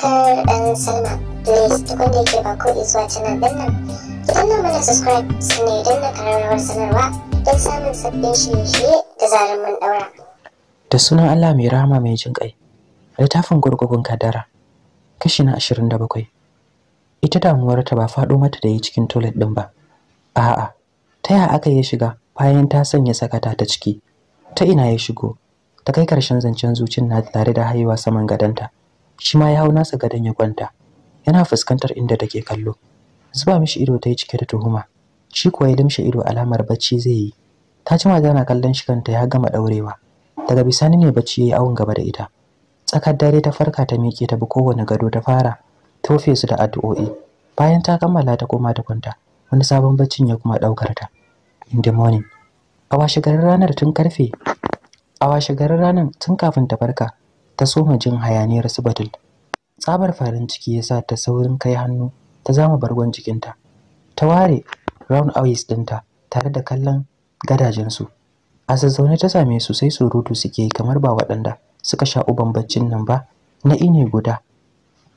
subscribe and sign up. Please tukun da yake ba ko zuwa canal din nan. Ki danna mana subscribe sannan idan na kararrawar sanarwa don samun sabbin shirye-shirye da zarar mun daura. Da sunan Allah mai rahama mai jin ƙai. Littafin gurgugun kadara. Kashi na ashirin da bakwai. Ita damuwarta ba faɗo mata da yi cikin toilet ɗin ba. A'a, ta yaya aka yi shiga bayan ta sanya sakata ta ciki? Ta ina ya shigo? Ta kai ƙarshen zancen zucin na tare da haihuwa saman gadonta. shi ma ya hau nasa gadon ya kwanta yana fuskantar inda take kallo zuba mishi ido ta yi cike da tuhuma shi kuwa ya limshe ido alamar bacci zai yi ta jima tana kallon shi kanta ya gama daurewa daga bisani ne bacci ya yi awon gaba da ita tsakar dare ta farka ta miƙe ta bi kowane gado ta fara tofe su da addu'o'i bayan ta kammala ta koma ta kwanta wani sabon baccin ya kuma ɗaukar ta in the morning a garin ranar tun karfe a garin ranar tun kafin ta farka ta soma jin hayaniyar su batul tsabar farin ciki ya sa ta saurin kai hannu ta zama bargon jikinta ta ware round eyes dinta tare da kallon gadajensu a zazzaune ta same su sai surutu suke kamar ba waɗanda suka sha uban baccin nan ba na ine guda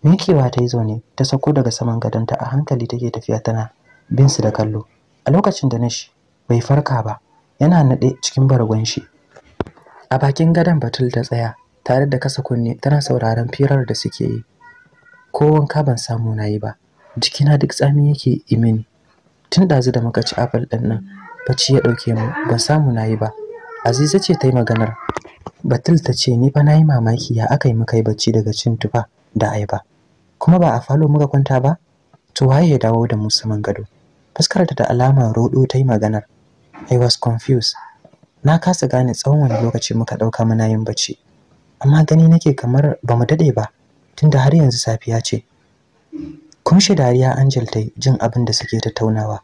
mikewa ta yi zaune ta sako daga saman gadonta a hankali take tafiya tana bin su da kallo a lokacin da nashi bai farka ba yana naɗe cikin bargon shi a bakin gadon batul ta tsaya tare da kasa kunne tana sauraron firar da suke yi ko wanka ban samu na yi ba jikina duk tsami yake imini tun ɗazu da muka ci apple ɗin nan bacci ya ɗauke mu ban samu na yi ba aziza ce ta yi maganar batul ta ce ni fa na yi mamaki ya aka yi muka yi bacci daga cin tufa da ayaba kuma ba a falo muka kwanta ba to waye ya dawo da musu man gado fuskarta da alamar rodo ta yi maganar i was confused na kasa gane tsawon wani lokaci muka ɗauka muna yin bacci amma gani nake kamar ba mu dade ba tunda har yanzu safiya ce Kun kumshi dariya angel ta jin abin da suke tattaunawa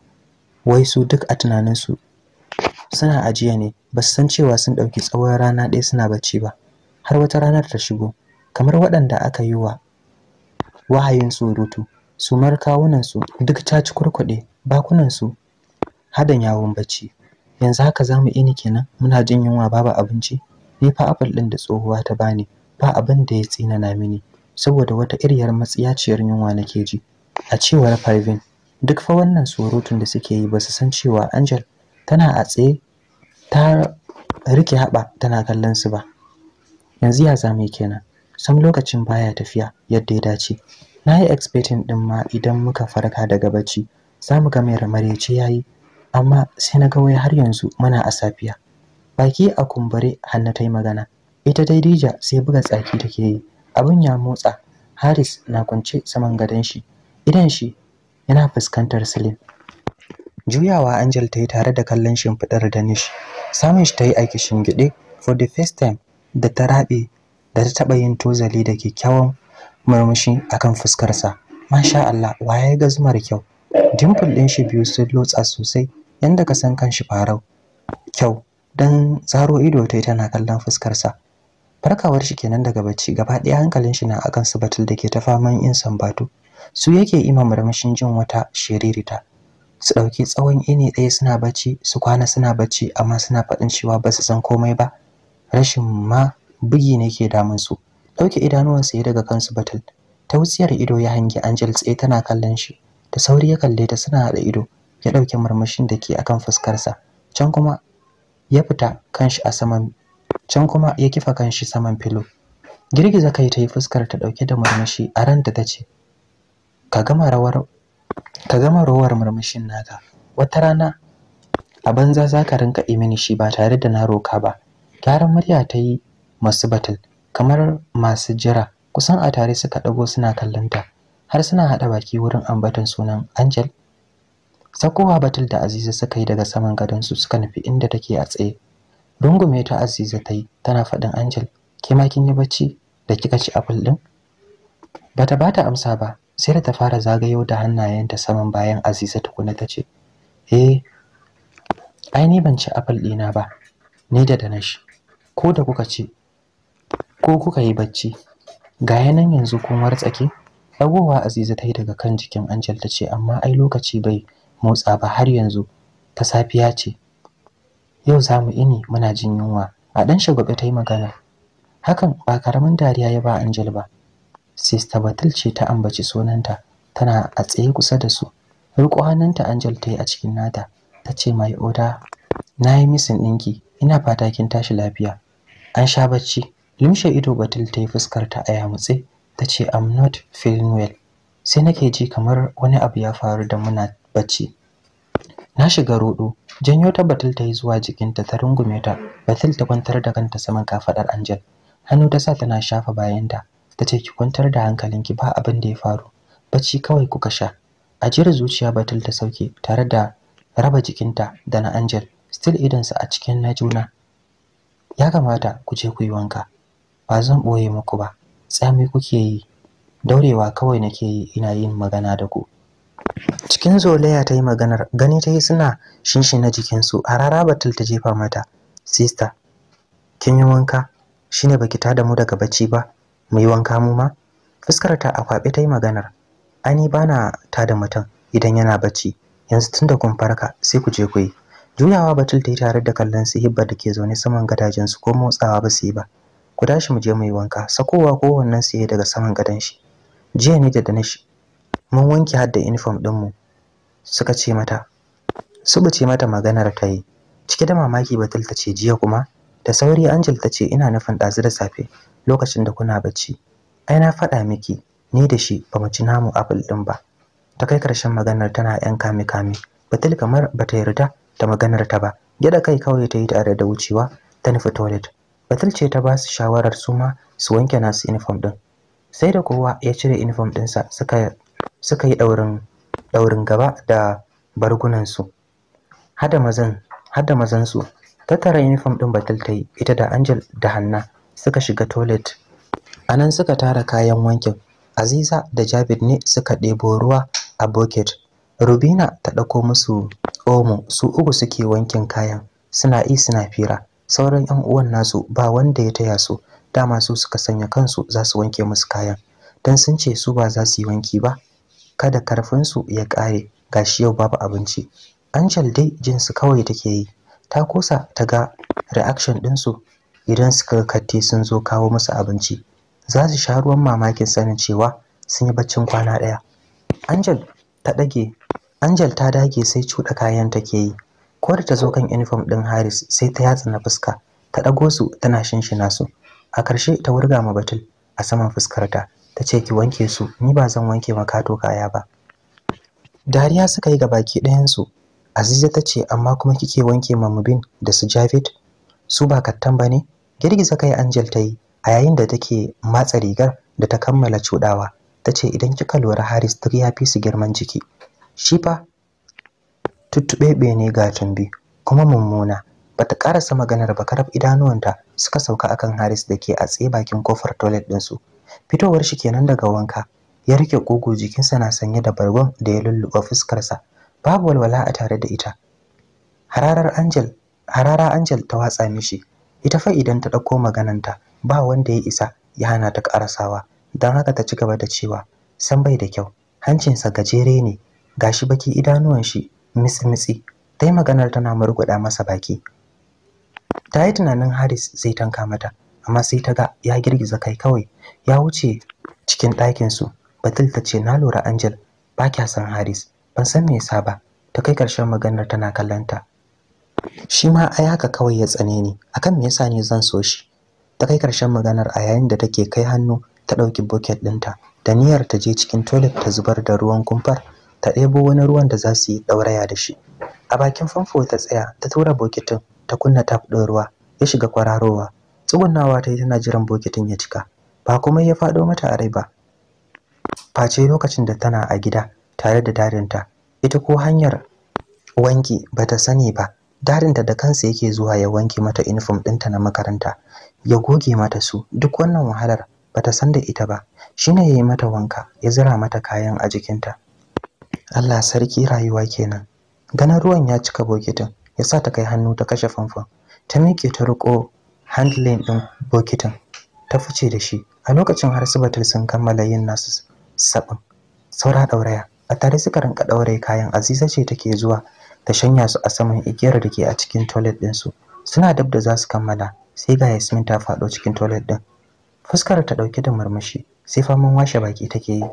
wai su duk a tunaninsu suna ajiya ne ba san cewa sun ɗauki tsawon rana ɗaya suna bacci ba har wata ranar ta shigo kamar waɗanda aka yi wa wahayin surutu su su duk ta caci kurkuɗe bakunansu hadan yawon bacci yanzu haka zamu mu ini kenan muna jin yunwa babu abinci ni fa apple ɗin da tsohuwa ta bani ba abin da ya tsinana mini saboda wata iriyar matsiyaciyar yunwa nake ji a cewar Parvin duk fa wannan surutun da suke yi ba su san cewa Angel tana a tsaye ta rike haɓa tana kallon su ba yanzu ya zame kenan sam lokacin baya tafiya yadda ya dace na yi expecting din ma idan muka farka daga bacci za mu ga mai ramarece ya yi amma sai na ga wai har yanzu muna a safiya baki a kumbure hannu ta yi magana ita dai dija sai buga tsaki take yi abin ya motsa haris na kwance saman gadon shi idan shi yana fuskantar silin juyawa angel ta yi tare da kallon shimfiɗar danish samun shi ta yi aiki shingiɗe for the first time da ta raɓe da ta taɓa yin tozali da kyakkyawan murmushi akan fuskarsa masha Allah waye ga zumar kyau dimple ɗin shi biyu sun lotsa sosai yanda ka san kan shi farau kyau dan zaro ido tayi tana kallon fuskar sa farkawar shi kenan daga bacci gaba ɗaya hankalin shi na akan su batul da ke ta faman yin sambatu su yake ima murmushin jin wata shiririta su ɗauki tsawon ini ɗaya suna bacci su kwana suna bacci amma suna faɗin cewa ba su san komai ba rashin ma bugi ne ke damun su ɗauke idanuwansa ya daga kansu batul tautsiyar ido ya hangi angel tsaye tana kallon shi da sauri ya kalle ta suna haɗa ido ya ɗauke murmushin da ke akan fuskarsa can kuma ya fita kanshi a saman can kuma ya kifa kanshi saman filo girgiza kai ta yi fuskar ta dauke da murmushi a ranta ta ce ka gama rawar ka gama rawar murmushin naka wata rana a banza za ka rinka imini shi ba tare da na roka ba gyaran murya ta yi masu batul kamar masu jira kusan a tare suka dago suna kallon ta har suna hada baki wurin ambaton sunan angel sakowa batul da aziza suka yi daga saman gadon gadonsu suka nufi inda take a tsaye rungume ta aziza ta yi tana faɗin angel ke ma kin yi bacci da kika ci apple ɗin. bata bata amsa ba sai da ta fara zagayo da hannayen hannayenta saman bayan aziza tukuna ta ce eh ai ni ban ci apple ɗina ba ni da shi. ko da kuka ci ko kuka yi bacci ga yanan yanzu kun wartsake dagowa aziza ta yi daga kan jikin angel ta ce amma ai lokaci bai motsa ba har yanzu ta safiya ce yau za mu ini muna jin yunwa a ɗan shagwabe ta yi magana hakan ba karamin dariya ya ba angel ba sista batul ce ta ambaci sunanta tana a tsaye kusa da su riko hannunta angel ta yi a cikin nata ta ce mai oda na yi misin ɗinki ina fata kin tashi lafiya an sha bacci limshe ido batul ta yi fuskar ta a yamutse ta ce i'm not feeling well sai nake ji kamar wani abu ya faru da muna bacci na shiga rodo janyo ta batul ta yi zuwa jikinta ta rungume ta batul ta kwantar da kanta saman kafadar angel hannu ta sa tana shafa bayanta ta ce ki kwantar da hankalinki ba abin da ya faru bacci kawai kuka sha a ajiyar zuciya batul ta sauke tare da raba jikinta da na angel still idansa a cikin na juna ya kamata ku je ku yi wanka ba zan ɓoye muku ba tsami kuke yi daurewa kawai nake yi ina yin magana da ku cikin zolaya ta yi maganar gani ta yi suna shinshina jikinsu a rara batul ta jefa mata sista kin yi wanka shine baki ta damu daga bacci ba mu yi wanka mu ma fuskar ta a kwabe ta yi maganar ani bana ta da mutum idan yana bacci yanzu tunda kun farka sai ku je ku yi juyawa batul ta yi tare da kallon su hibba da ke zaune saman gadajen su ko motsawa ba su yi ba ku tashi mu je mu yi wanka sakowa kowannen su daga saman gadon shi jiya ne da danish mun wanke har da uniform ɗinmu suka ce mata suka ce mata maganar ta yi cike da mamaki batul ta ce jiya kuma da sauri angel ta ce ina nufin ɗazu da safe lokacin da kuna bacci ai na faɗa miki ni da shi ba mu ci namu apple ɗin ba ta kai ƙarshen maganar tana yan kame kame batul kamar bata yarda da maganar ta ba gida kai kawai ta yi tare da wucewa ta nufi toilet batul ce ta ba su shawarar su ma su wanke nasu uniform ɗin sai da kowa ya cire uniform ɗinsa suka suka yi ɗaurin gaba da bargunansu hada mazan hada mazansu tattara uniform ɗin batul ta yi ita da angel da hanna suka shiga toilet a nan suka tara kayan wankin aziza da jabir ne suka ɗebo ruwa a bucket rubina ta ɗauko musu omo su uku suke wankin kayan suna yi suna fira sauran yan uwan nasu ba wanda ya taya su dama su suka sanya kansu za su wanke musu kayan don sun ce su ba za su yi wanki ba kada karfinsu ya ƙare shi yau babu abinci Angel dai jinsu kawai take yi ta kosa ta ga reaction ɗinsu idan suka katte sun zo kawo musu abinci za su sha ruwan mamakin sanin cewa sun yi baccin kwana ɗaya Angel ta dage Angel ta dage sai cuɗa kayan take yi ko da ta zo kan uniform ɗin Haris sai ta yatsa na fuska ta ɗago su tana shinshina su a ƙarshe ta wurga ma batul a saman fuskarta ta ce ki wanke su ni ba zan wanke makato kaya ba dariya suka yi ga baki ɗayansu aziza ta ce amma kuma kike wanke mamubin da su javid su ba kattan ba ne girgiza kai angel ta yi a yayin da take matsa rigar da ta kammala cudawa ta ce idan kika lura haris duk ya fi su girman jiki shi fa tuttuɓeɓe ne ga tumbi kuma mummuna bata karasa maganar ba karab idanuwanta suka sauka akan haris da ke a tsaye bakin kofar toilet ɗinsu fitowar shi kenan daga wanka ya rike gogo jikinsa na sanye da bargon da ya lulluɓa fuskarsa babu walwala a tare da ita hararar angel harara angel ta watsa mishi ita fa idan ta ɗauko magananta ba wanda ya isa ya hana ta ƙarasawa don haka ta ci gaba da cewa san bai da kyau hancinsa gajere ne gashi baki idanuwan shi mitsi-mitsi ta maganar tana murguɗa masa baki ta yi tunanin haris zai tanka mata amma sai ta ga ya girgiza kai kawai ya wuce cikin ɗakin su batul ta ce na lura angel ba kya san haris ban san me yasa ba ta kai ƙarshen maganar tana kallanta shi ma ai haka kawai ya tsane ni akan me yasa ne zan so shi ta kai ƙarshen maganar a yayin da take kai hannu ta ɗauki bucket ɗinta da niyyar ta je cikin toilet ta zubar da ruwan kumfar ta ɗebo wani ruwan da za su yi ɗauraya da shi a bakin famfo ta tsaya ta tura bokitin ta kunna tap ɗin ruwa ya shiga kwararowa tsugunnawa ta yi tana jiran bokitin ya cika ba kuma ya faɗo mata a rai ba face lokacin da tana a gida tare da darinta ita ko hanyar wanki ba ta sani ba darinta da kansa yake zuwa ya wanke mata inifom ɗinta na makaranta ya goge mata su duk wannan wahalar bata san da ita ba Shi ne ya yi mata wanka ya zira mata kayan a jikinta Allah sarki rayuwa kenan ganin ruwan ya cika bokitin ya sa ta kai hannu ta kashe famfon ta miƙe ta riko handling ɗin bokitin ta fice da shi a lokacin har sun kammala yin nasu sabin saura ɗauraya a tare suka rinka ɗaure kayan aziza ce take zuwa ta shanya su a saman igiyar da ke a cikin toilet ɗinsu suna dab da za su kammala sai ga yasmin ta faɗo cikin toilet ɗin fuskar ta ɗauke da murmushi sai faman washe baki take yi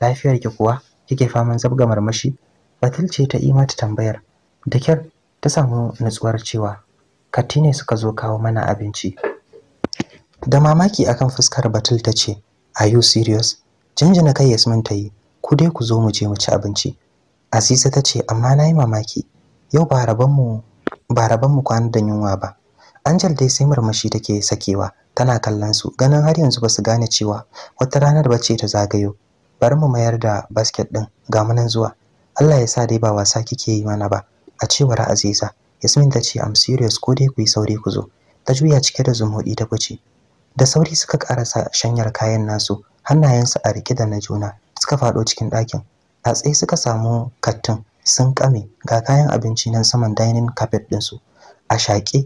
lafiyar ki kuwa kike faman zabga murmushi batul ce ta ima ta tambayar da kyar ta samu nutsuwar cewa Kati ne suka zo kawo mana abinci da mamaki akan fuskar batul ta ce are you serious Jinjina kai yasmin ta yi ku dai ku zo mu je mu ci abinci aziza ta ce amma na yi mamaki yau ba rabon mu kwana da yunwa ba angel dai sai murmushi take sakewa tana kallon su ganin har yanzu ba su gane cewa wata ranar bace ta zagayo bari mu mayar da basket ɗin. ga munan zuwa Allah ya sa dai ba wasa kike yi mana ba a cewar Aziza Yasmin ta ce I'm serious ko dai ku yi sauri ku zo. Ta juya cike da zumuɗi ta kuce. Da sauri suka karasa shanyar kayan nasu, hannayensu a rike da na juna, suka faɗo cikin ɗakin. A tsaye suka samu kattun sun kame ga kayan abinci nan saman dining carpet ɗinsu. A shaƙe,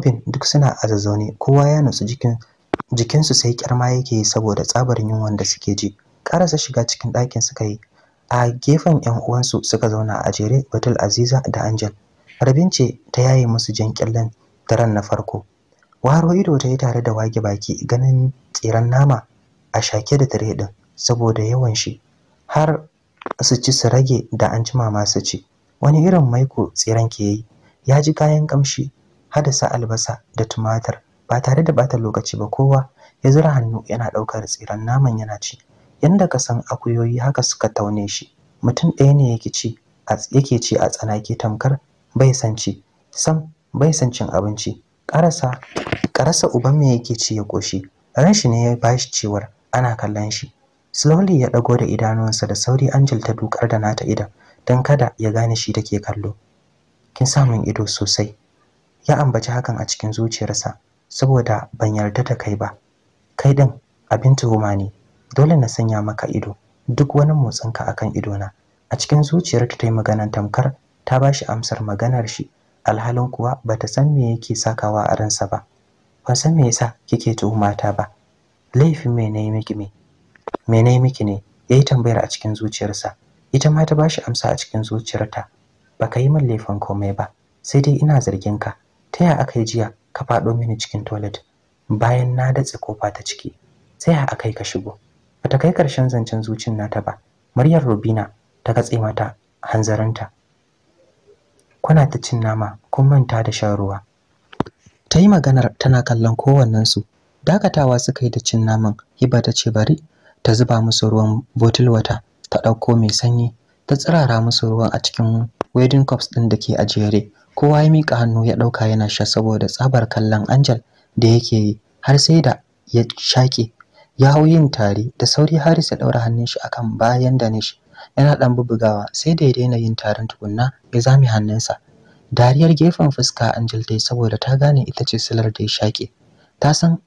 bin duk suna a zazzaune, kowa ya nutsu jikin jikinsu sai ƙyarma yake yi saboda tsabar yunwan da suke ji. Karasa shiga cikin ɗakin suka yi. A gefen 'yan uwansu suka zauna a jere Batul Aziza da Angel. rabince ta yaye musu jan kyallen daren na farko waro ido ta yi tare da wage baki ganin tsiran nama a shake da tare din saboda yawan shi har su ci su rage da an ci mama su ci wani irin maiko tsiran ke yi ya ji kayan kamshi hadasa albasa da tumatir ba tare da bata lokaci ba kowa ya zura hannu yana ɗaukar tsiran naman yana ci yanda ka san akuyoyi haka suka taune shi mutum ɗaya ne yake ci yake ci a tsanake tamkar bai san ci sam bai san cin abinci karasa karasa uban me yake ci ya koshi ran shi ne ya bashi cewar ana kallon shi slowly ya dago da idanuwansa da sauri Angel ta dukar da nata idan dan kada ya gane shi take kallo kin sa min ido sosai ya ambaci hakan a cikin zuciyarsa saboda ban yarda ta kai ba kai din abin tuhuma ne dole na sanya maka ido duk wani motsinka akan ido na a cikin zuciyarta ta yi maganan tamkar ta ba shi amsar maganar shi alhalin kuwa ba ta san me yake sakawa a ransa ba ban san me yasa kike tuhumata ba laifin me nayi miki me me yi miki ne yayi tambayar a cikin zuciyarsa ita ma ta shi amsa a cikin zuciyarta baka yi min laifin komai ba sai dai ina zargin ka ta ya aka yi jiya ka faɗo mini cikin toilet bayan na datse kofa ta ciki sai ya aka ka shigo bata kai karshen zancen zuciyar nata ba Maryam Rubina ta katse mata hanzarinta kuna ta cin nama kun manta da shan ruwa ta yi maganar tana kallon kowannensu dakatawa suka yi da cin naman hiba ta ce bari ta zuba musu ruwan bottle water ta ɗauko mai sanyi ta tsirara musu ruwan a cikin wedding cups ɗin da ke a kowa ya miƙa hannu ya ɗauka yana sha saboda tsabar kallon angel da yake yi har sai da ya shaƙe ya hau yin tari da sauri haris ya ɗaura hannun shi akan bayan da danish yana ɗanbi bubugawa sai da ya daina yin tarin tukunna ya zame hannunsa dariyar gefen fuska an ta saboda ta gane ita ce silar da ya shaƙe ta san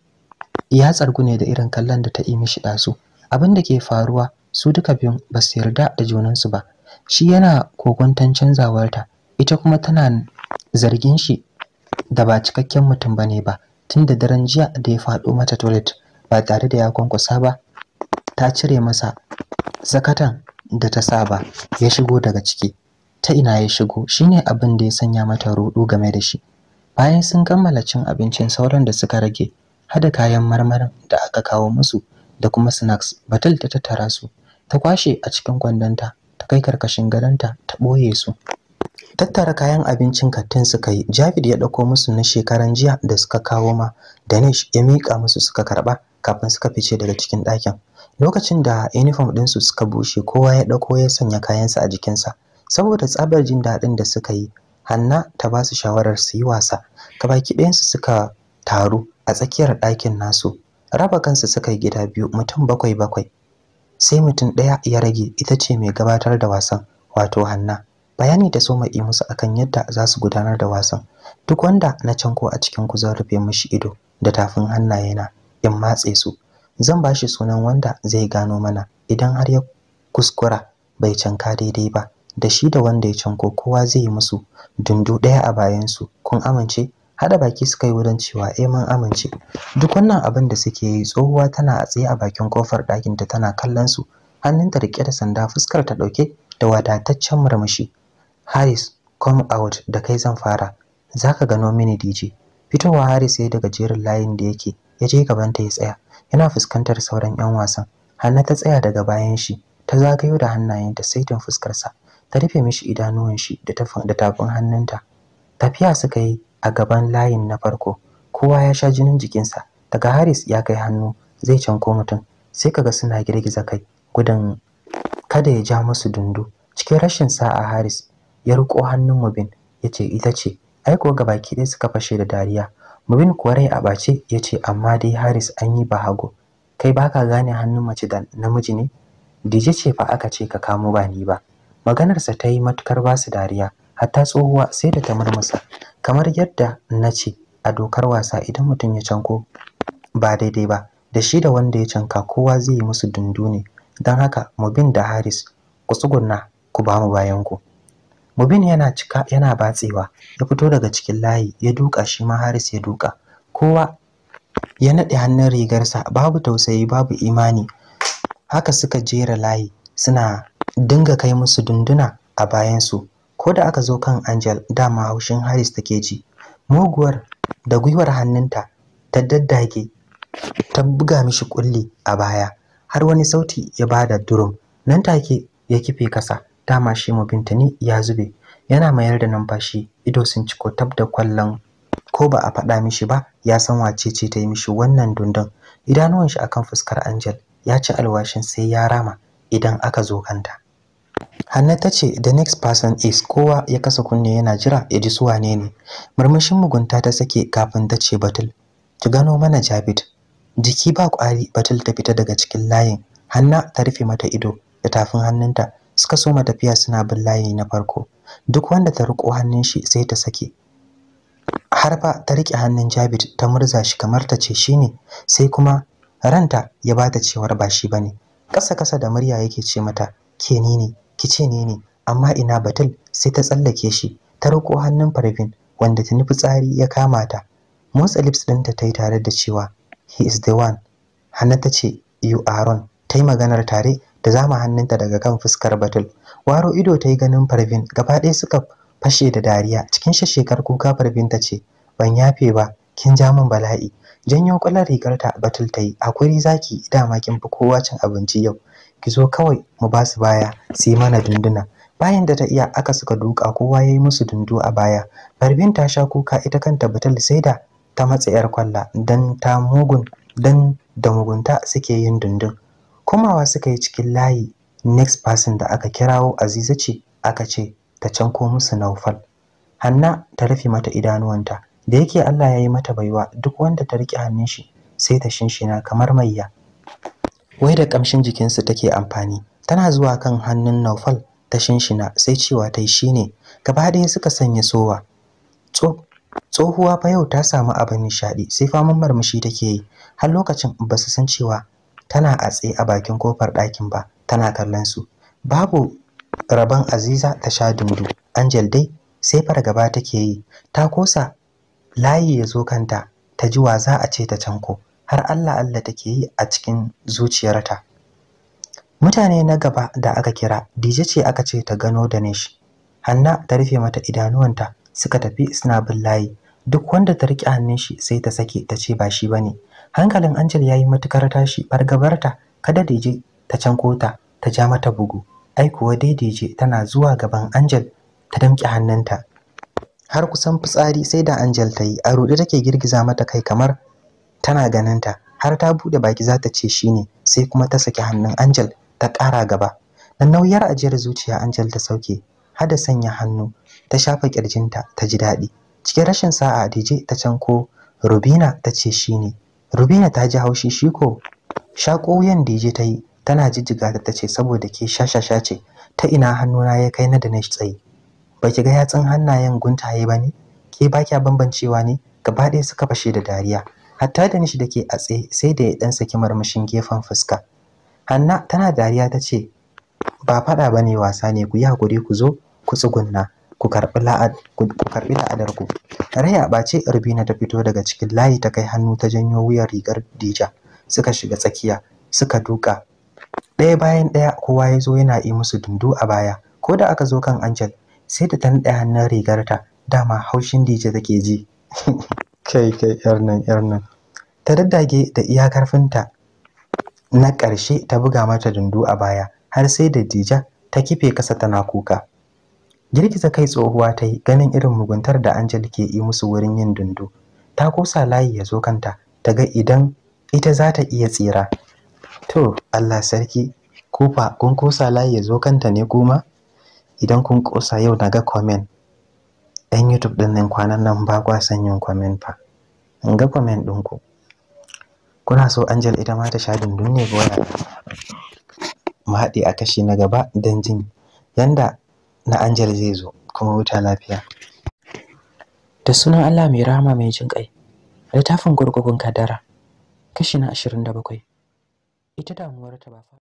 ya tsargu ne da irin kallon da ta yi mishi ɗasu. abin da ke faruwa su duka biyun ba su yarda da junansu ba shi yana kokuntan canzawarta ita kuma tana zargin shi da ba cikakken mutum bane ba Tunda daren jiya da ya faɗo mata toilet ba tare da ya kwankwasa ba ta cire masa zakatan da ta saba ya shigo daga ciki ta ina ya shigo shine abin da ya sanya mata rudu game da shi bayan sun kammala cin abincin sauran da suka rage hada kayan marmarin da aka kawo musu da kuma snacks batul ta tattara su ta kwashe a cikin kwandonta ta kai karkashin gadonta ta boye su tattara kayan abincin kattin suka yi javid ya dauko musu na shekaran jiya da suka kawo ma danish ya miƙa musu suka karɓa kafin suka fice daga cikin ɗakin lokacin da uniform ɗinsu suka bushe kowa ya ɗauko ya sanya kayansa a jikinsa saboda tsabar jin daɗin da suka yi hanna ta ba su shawarar su yi wasa gabaki ɗayansu suka taru a tsakiyar ɗakin nasu raba kansu suka yi gida biyu mutum bakwai bakwai sai mutum ɗaya ya rage ita ce mai gabatar da wasan wato hanna bayani ta so yi musu akan yadda za su gudanar da wasan duk wanda na can ko a cikin ku zan rufe mishi ido da tafin hannayena in matse su zan ba shi sunan wanda zai gano mana idan har ya kuskura bai canka daidai ba da shi da wanda ya canko kowa zai yi musu dundu ɗaya a bayansu kun amince hada baki suka yi wurin cewa e mun amince duk wannan abin da suke yi tsohuwa tana a tsaye a bakin kofar ɗakin ta tana kallon su hannunta riƙe da sanda fuskar ta ɗauke da wadataccen murmushi Haris come out da kai zan fara zaka gano mini DJ fitowa Haris ya daga jerin layin da yake ya je gaban ta ya tsaya yana fuskantar sauran 'yan wasan hanna ta tsaya daga bayan shi ta zagayo da hannayenta saitin fuskarsa ta rufe mishi idanuwan shi da tafin hannunta tafiya suka yi a gaban layin na farko kowa ya sha jinin jikinsa daga haris ya kai hannu zai canko mutum sai kaga suna girgiza kai gudun kada ya ja musu dundu cikin rashin sa'a haris ya riko hannun mubin ya ce ita ce aiko gaba ɗaya suka fashe da dariya Mubin kuwa rai a ɓace ya ce amma dai Haris an yi ba bahago. Kai baka gane hannun mace da namiji ne? Dije ce fa aka ce ka kamo ba ni ba. Maganarsa ta yi matukar basu dariya, hatta tsohuwa sai da ta murmusa. Kamar yadda na ce a dokar wasa idan mutum ya canko ba daidai ba, da shi da wanda ya canka kowa zai yi musu dundune, ne. Don haka Mubin da Haris ku tsugunna ku ba mu bayanku. mubin yana cika yana batsewa ya fito daga cikin layi ya duka shi ma haris ya duka kowa ya naɗe hannun rigarsa babu tausayi babu imani haka suka jera layi suna dinga kai musu dunduna a bayansu ko da aka zo kan angel dama haushin haris take ji muguwar da gwiwar hannunta ta daddage ta buga mishi kulli a baya har wani sauti ya bada durum nan take ya kife kasa dama shi binta ne ya zube yana mayar da numfashi ido sun ciko tab da kwallon ko ba a faɗa mishi ba ya san wace ce ta yi mishi wannan dundun idanuwan shi akan fuskar Angel ya ci alwashin sai ya rama idan aka zo kanta Hanna ta ce the next person is kowa ya kasa kunne yana jira ya ji su wane ne murmushin mugunta ta sake kafin ta ce batul ki gano mana Jabit jiki ba kwari batul ta fita daga cikin layin Hanna ta rufe mata ido da tafin hannunta suka soma tafiya suna bin layi na farko duk wanda ta riko hannun shi sai ta sake har ta rike hannun Jabir ta murza shi kamar ta ce shi ne, sai kuma ranta ya bata cewar ba shi bane kasa kasa da murya yake ce mata ke ni ne ki ce ni ne amma ina batul sai ta tsallake shi ta riko hannun Parvin wanda ta nufi tsari ya kama ta motsa lips ɗinta ta yi tare da cewa he is the one Hanna ce you are on ta yi maganar tare da zama hannunta daga kan fuskar batul waro ido ta yi ganin farvin gaba ɗaya suka fashe da dariya cikin shashekar kuka farvin ta ce ban yafe ba kin ja min bala'i janyo kwalar rigarta batul ta yi hakuri zaki dama kin fi kowa cin abinci yau ki zo kawai mu ba su baya su yi mana dunduna bayan da ta iya aka suka duka kowa ya yi musu dundu a baya farvin ta sha kuka ita kanta batul sai da ta matsayar kwalla don ta mugun don da mugunta suke yin dundun komawa suka yi cikin layi next person da aka kirawo aziza ce aka ce ta canko musu naufal hanna ta rufe mata idanuwanta da yake allah ya yi mata baiwa duk wanda ta riƙe hannun shi sai ta shinshina kamar maiya wai da ƙamshin jikinsu take amfani tana zuwa kan hannun naufal ta shinshina sai cewa ta yi shi ne. gaba ɗaya suka sanya sowa tsohuwa fa yau ta samu abin nishaɗi sai faman marmashi take yi har lokacin ba su san cewa tana a tsaye a bakin kofar ɗakin ba tana kallon su babu rabon aziza ta sha dundu angel dai sai fargaba take yi ta kosa layi ya zo kanta ta ji wa za a ce ta canko har allah allah take yi a cikin zuciyarta mutane na gaba da aka kira dije ce aka ce ta gano da nishi hanna ta rufe mata idanuwanta suka tafi suna bin layi duk wanda ta riƙe hannun shi sai ta sake ta ce ba shi ba ne. hankalin Angel ya yi matukar tashi ta. kada Deje ta canko ta ta ja mata bugu ai kuwa dai tana zuwa gaban Anjel ta damƙe hannunta har kusan fitsari sai da Angel ta yi a ruɗe take girgiza mata kai kamar tana ganinta har ta bude baki za ta ce shine sai kuma ta saki hannun Angel ta ƙara gaba dan nauyar ajiyar zuciya Angel ta sauke hada sanya hannu ta shafa kirjinta ta ji daɗi cikin rashin sa'a Dije ta ko Rubina ta ce shine Rubina ta ji haushi shi ko shako wuyan da je ta yi tana jijjiga ta ce saboda ke shashasha ce ta ina hannuna ya kai na da na tsayi ki ga yatsun hannayen guntaye ba ne ke ba kya bambancewa ne gaba ɗaya suka fashe da dariya hatta da nishi da ke a tsaye sai da ya ɗan saki marmashin gefen fuska hanna tana dariya ta ce ba faɗa ba ne wasa ne ku yi hakuri ku zo ku tsugunna ku karɓi la'adar ku rai ɓace Rubina ta fito daga cikin layi ta kai hannu ta janyo wuyar rigar Dija suka shiga tsakiya suka duka ɗaya bayan ɗaya kowa ya zo yana yi musu dundu a baya ko da aka zo kan Angel sai da ta naɗe hannun rigarta dama haushin Dija take ji kai kai yar nan yar nan ta daddage da iya karfinta na ƙarshe ta buga mata dundu a baya har sai da Dija ta kife kasa tana kuka girgiza kai tsohuwa ta yi ganin irin muguntar da Angel ke yi musu wurin yin dundu ta kosa layi ya zo kanta ta ga idan ita za ta iya tsira to Allah sarki kofa kun kosa layi ya zo kanta ne kuma idan kun kosa yau na ga komen. ɗan YouTube ɗin nan kwanan nan ba kwa son yin fa in ga comment ɗinku kuna so Angel ita ma ta sha dundun ne goya mu a kashi na gaba don jin yanda na Angel zai zo kuma wuta lafiya da sunan Allah mai rahama mai jin kai littafin gurgurgun kadara kashi na 27 ita damuwar ta ba